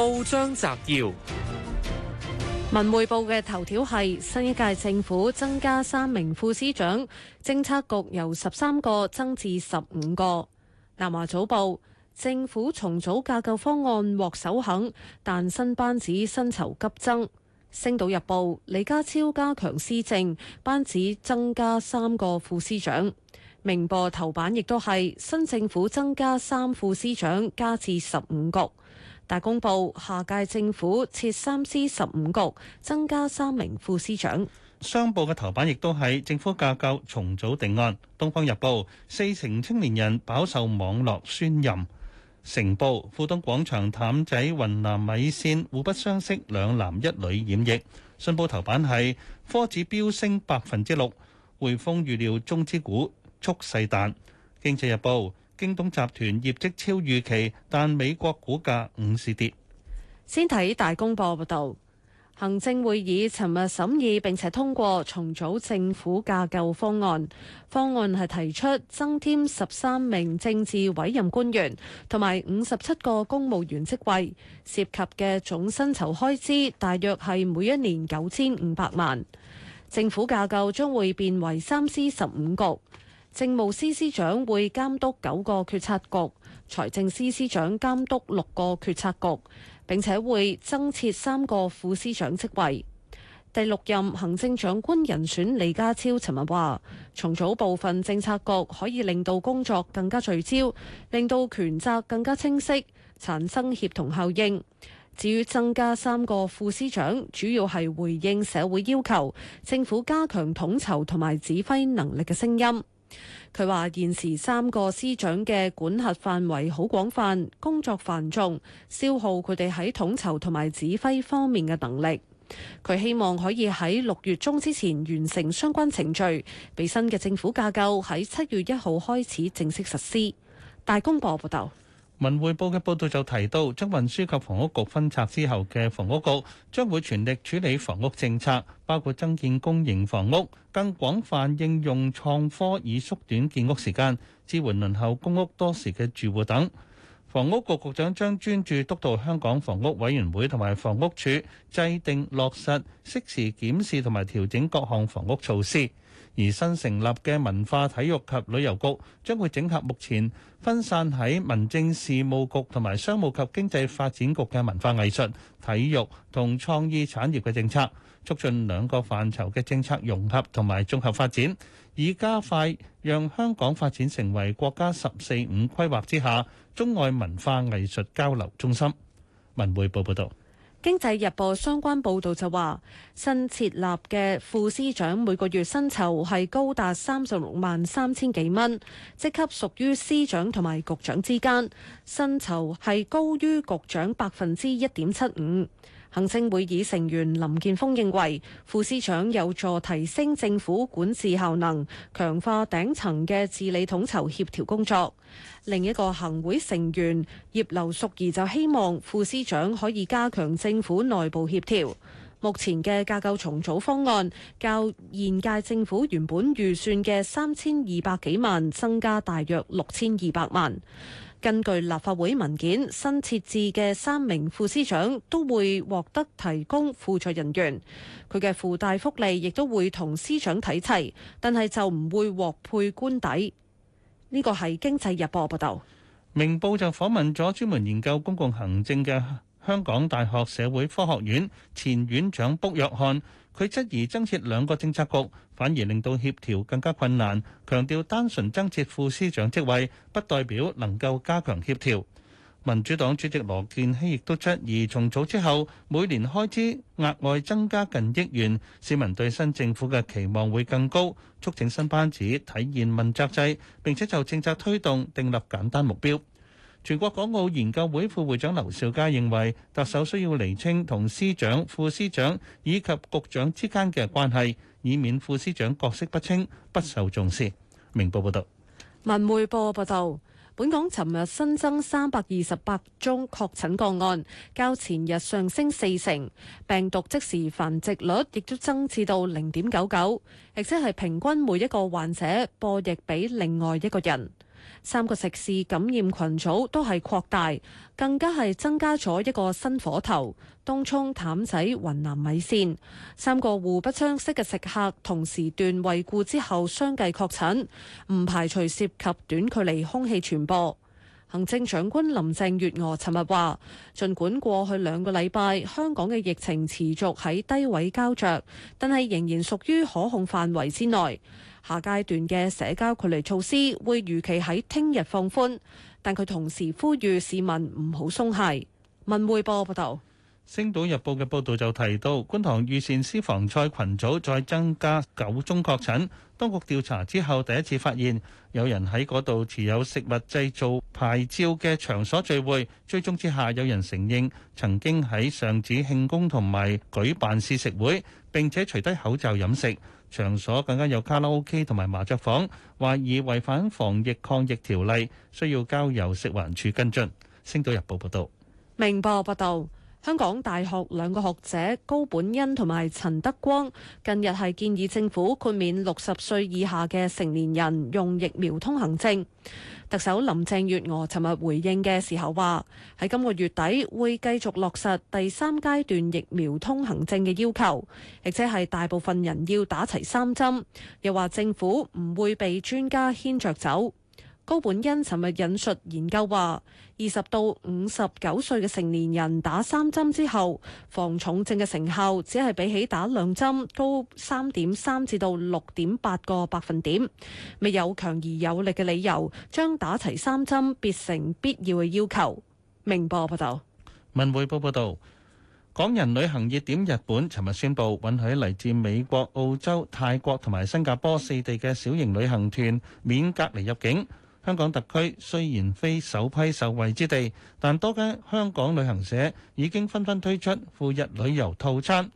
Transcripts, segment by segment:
報章摘要：文匯報嘅頭條係新一屆政府增加三名副司長，政策局由十三個增至十五個。南華早報：政府重組架構方案獲首肯，但新班子薪酬急增。星島日報：李家超加強施政，班子增加三個副司長。明報頭版亦都係新政府增加三副司長，加至十五局。大公報：下屆政府設三司十五局，增加三名副司長。商報嘅頭版亦都係政府架構重組定案。東方日報：四成青年人飽受網絡宣淫。成報：富東廣場譚仔雲南米線互不相識，兩男一女染疫。信報頭版係科指飆升百分之六，匯豐預料中資股趨勢淡。經濟日報。京東集團業績超預期，但美國股價尾市跌。先睇大公報報道，行政會議尋日審議並且通過重組政府架構方案。方案係提出增添十三名政治委任官員，同埋五十七個公務員職位，涉及嘅總薪酬開支大約係每一年九千五百萬。政府架構將會變為三司十五局。政務司司長會監督九個決策局，財政司司長監督六個決策局，並且會增設三個副司長職位。第六任行政長官人選李家超尋日話，重組部分政策局可以令到工作更加聚焦，令到權責更加清晰，產生協同效應。至於增加三個副司長，主要係回應社會要求，政府加強統籌同埋指揮能力嘅聲音。佢話現時三個司長嘅管轄範圍好廣泛，工作繁重，消耗佢哋喺統籌同埋指揮方面嘅能力。佢希望可以喺六月中之前完成相關程序，俾新嘅政府架構喺七月一號開始正式實施。大公報報道。文匯報嘅報導就提到，將運輸及房屋局分拆之後嘅房屋局將會全力處理房屋政策，包括增建公營房屋、更廣泛應用創科以縮短建屋時間、支援輪候公屋多時嘅住戶等。房屋局局長將專注督導香港房屋委員會同埋房屋署制定、落實、適時檢視同埋調整各項房屋措施。而新成立嘅文化體育及旅遊局將會整合目前分散喺民政事務局同埋商務及經濟發展局嘅文化藝術、體育同創意產業嘅政策，促進兩個範疇嘅政策融合同埋綜合發展，以加快讓香港發展成為國家十四五規劃之下中外文化藝術交流中心。文匯報報道。經濟日報相關報道就話，新設立嘅副司長每個月薪酬係高達三十六萬三千幾蚊，職級屬於司長同埋局長之間，薪酬係高於局長百分之一點七五。行政會議成員林健鋒認為，副司長有助提升政府管治效能，強化頂層嘅治理統籌協調工作。另一個行會成員葉劉淑儀就希望副司長可以加強政府內部協調。目前嘅架構重組方案，較現屆政府原本預算嘅三千二百幾萬，增加大約六千二百萬。根據立法會文件，新設置嘅三名副司長都會獲得提供輔助人員，佢嘅附帶福利亦都會同司長睇齊，但係就唔會獲配官邸。呢個係《經濟日報》報道。明報就訪問咗專門研究公共行政嘅香港大學社會科學院前院長卜約翰。佢質疑增設兩個政策局，反而令到協調更加困難。強調單純增設副司長職位，不代表能夠加強協調。民主黨主席羅建熙亦都質疑，重組之後每年開支額外增加近億元，市民對新政府嘅期望會更高，促請新班子體現問責制，並且就政策推動訂立簡單目標。全國港澳研究會副會長劉兆佳認為，特首需要釐清同司長、副司長以及局長之間嘅關係，以免副司長角色不清，不受重視。明報報道：「文匯報報道，本港尋日新增三百二十八宗確診個案，較前日上升四成，病毒即時繁殖率亦都增至到零點九九，亦即係平均每一個患者播疫俾另外一個人。三個食肆感染群組都係擴大，更加係增加咗一個新火頭：東涌、淡仔雲南米線。三個互不相識嘅食客同時段惠顧之後相繼確診，相繼確診，唔排除涉及短距離空氣傳播。行政長官林鄭月娥尋日話，儘管過去兩個禮拜香港嘅疫情持續喺低位膠着，但係仍然屬於可控範圍之內。下階段嘅社交距離措施會如期喺聽日放寬，但佢同時呼籲市民唔好鬆懈。文匯報報道。《星島日報》嘅報道就提到，觀塘御善私房菜群組再增加九宗確診，當局調查之後第一次發現有人喺嗰度持有食物製造牌照嘅場所聚會，追蹤之下有人承認曾經喺上址慶功同埋舉辦試食會。並且除低口罩，飲食場所更加有卡拉 OK 同埋麻雀房，懷疑違反防疫抗疫條例，需要交由食環署跟進。星島日報報道。明報報道。香港大學兩個學者高本恩同埋陳德光近日係建議政府豁免六十歲以下嘅成年人用疫苗通行證。特首林鄭月娥尋日回應嘅時候話：喺今個月底會繼續落實第三階段疫苗通行證嘅要求，亦即係大部分人要打齊三針。又話政府唔會被專家牽着走。高本恩尋日引述研究話：二十到五十九歲嘅成年人打三針之後，防重症嘅成效只係比起打兩針高三點三至到六點八個百分點，未有強而有力嘅理由將打齊三針變成必要嘅要求。明報報道。文匯報報道，港人旅行熱點日本尋日宣布允許嚟自美國、澳洲、泰國同埋新加坡四地嘅小型旅行團免隔離入境。香港特區雖然非首批受惠之地，但多間香港旅行社已經紛紛推出赴日旅遊套餐。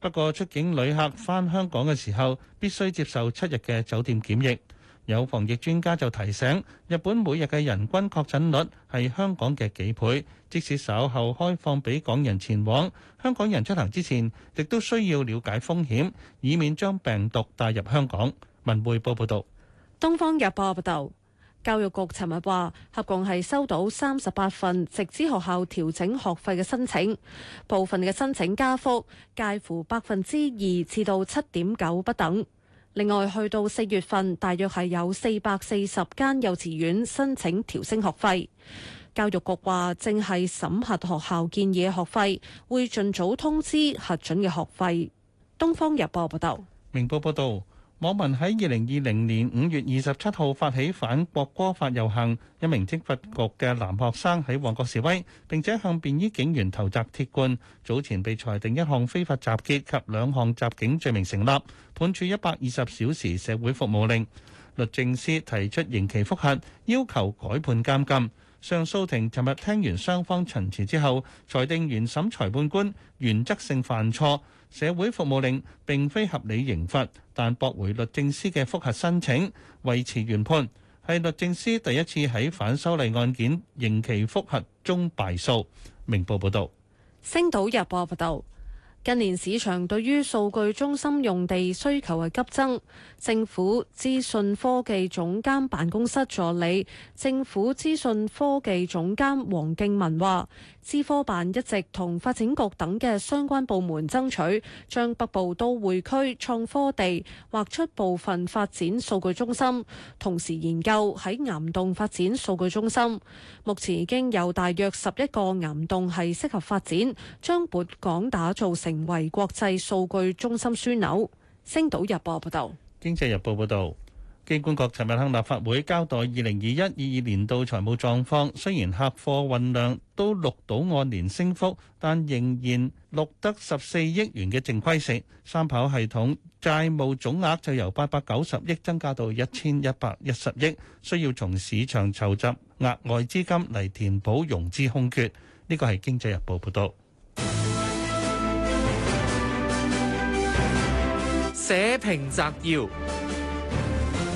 不過，出境旅客返香港嘅時候必須接受七日嘅酒店檢疫。有防疫專家就提醒，日本每日嘅人均確診率係香港嘅幾倍。即使稍後開放俾港人前往，香港人出行之前亦都需要了解風險，以免將病毒帶入香港。文匯報報道。東方日報報道。教育局尋日話，合共係收到三十八份直資學校調整學費嘅申請，部分嘅申請加幅介乎百分之二至到七點九不等。另外，去到四月份，大約係有四百四十間幼稚園申請調升學費。教育局話，正係審核學校建議嘅學費，會盡早通知核准嘅學費。《東方日報》報道，《明報》報道。網民喺二零二零年五月二十七號發起反國歌法遊行，一名職法局嘅男學生喺旺角示威，並且向便衣警員投擲鐵罐。早前被裁定一項非法集結及兩項襲警罪名成立，判處一百二十小時社會服務令。律政司提出刑期覆核，要求改判監禁。上訴庭尋日聽完雙方陳詞之後，裁定原審裁判官原則性犯錯，社會服務令並非合理刑罰，但駁回律政司嘅覆核申請，維持原判，係律政司第一次喺反修例案件刑期覆核中敗訴。明報報道。星島日報報道。近年市場對於數據中心用地需求係急增，政府資訊科技總監辦公室助理、政府資訊科技總監黃敬文話。資科辦一直同發展局等嘅相關部門爭取，將北部都會區創科地劃出部分發展數據中心，同時研究喺岩洞發展數據中心。目前已經有大約十一個岩洞係適合發展，將本港打造成為國際數據中心樞紐。星島日報報道，經濟日報報道。機管局尋日向立法會交代二零二一、二二年度財務狀況，雖然客貨運量都錄到按年升幅，但仍然錄得十四億元嘅淨虧損。三跑系統債務總額就由八百九十億增加到一千一百一十億，需要從市場籌集額外資金嚟填補融資空缺。呢個係《經濟日報》報道。社評摘要。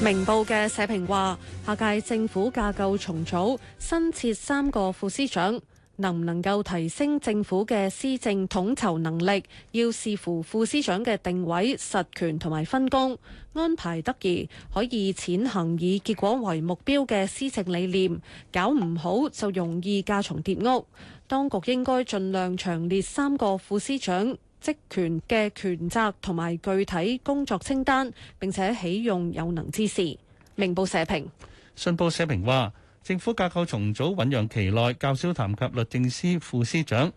明報嘅社評話：下屆政府架構重組，新設三個副司長，能唔能夠提升政府嘅施政統籌能力，要視乎副司長嘅定位、實權同埋分工，安排得宜，可以踐行以結果為目標嘅施政理念，搞唔好就容易架重疊屋。當局應該盡量長列三個副司長。職權嘅權責同埋具體工作清單，並且起用有能之士。明報社評。信報社評話，政府架構重組揾揚醞釀期內較少談及律政司副司長。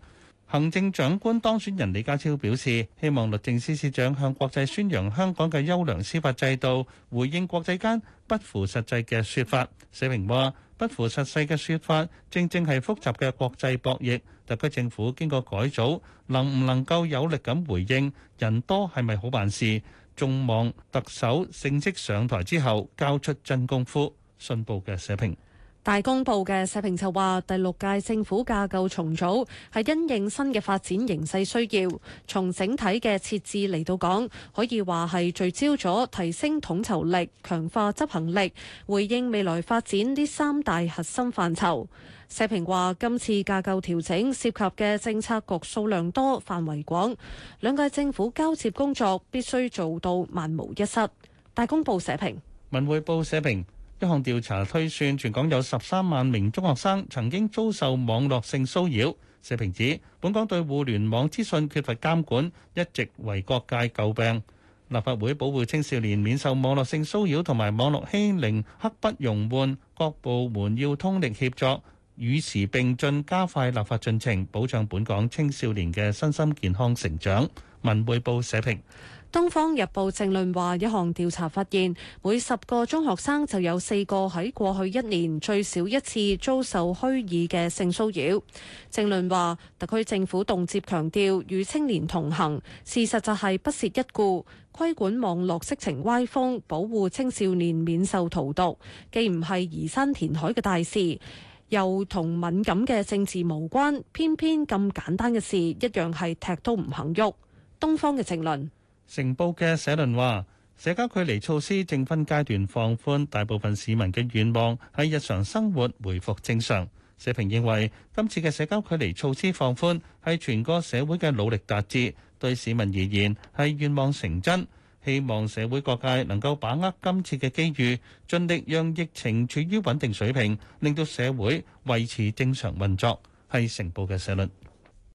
行政長官當選人李家超表示，希望律政司司長向國際宣揚香港嘅優良司法制度，回應國際間不符實際嘅説法。社評話。不符實世嘅説法，正正係複雜嘅國際博弈。特區政府經過改組，能唔能夠有力咁回應？人多係咪好辦事？眾望特首勝績上台之後，交出真功夫。信報嘅社評。大公報嘅社評就話：第六屆政府架構重組係因應新嘅發展形勢需要，從整體嘅設置嚟到講，可以話係聚焦咗提升統籌力、強化執行力，回應未來發展呢三大核心範疇。社評話：今次架構調整涉及嘅政策局數量多、範圍廣，兩屆政府交接工作必須做到萬無一失。大公報社評，文匯報社評。一項調查推算，全港有十三萬名中學生曾經遭受網絡性騷擾。社評指，本港對互聯網資訊缺乏監管，一直為各界詬病。立法會保護青少年免受網絡性騷擾同埋網絡欺凌刻不容緩，各部門要通力協作，與時並進，加快立法進程，保障本港青少年嘅身心健康成長。文匯報社評。《東方日報》政論話，一項調查發現，每十個中學生就有四個喺過去一年最少一次遭受虛擬嘅性騷擾。政論話，特區政府動輒強調與青年同行，事實就係不屑一顧規管網絡色情歪風，保護青少年免受荼毒，既唔係移山填海嘅大事，又同敏感嘅政治無關。偏偏咁簡單嘅事，一樣係踢都唔肯喐。東方嘅政論。成報嘅社論話：社交距離措施正分階段放寬，大部分市民嘅願望係日常生活回復正常。社評認為今次嘅社交距離措施放寬係全個社會嘅努力達致，對市民而言係願望成真。希望社會各界能夠把握今次嘅機遇，盡力讓疫情處於穩定水平，令到社會維持正常運作。係成報嘅社論。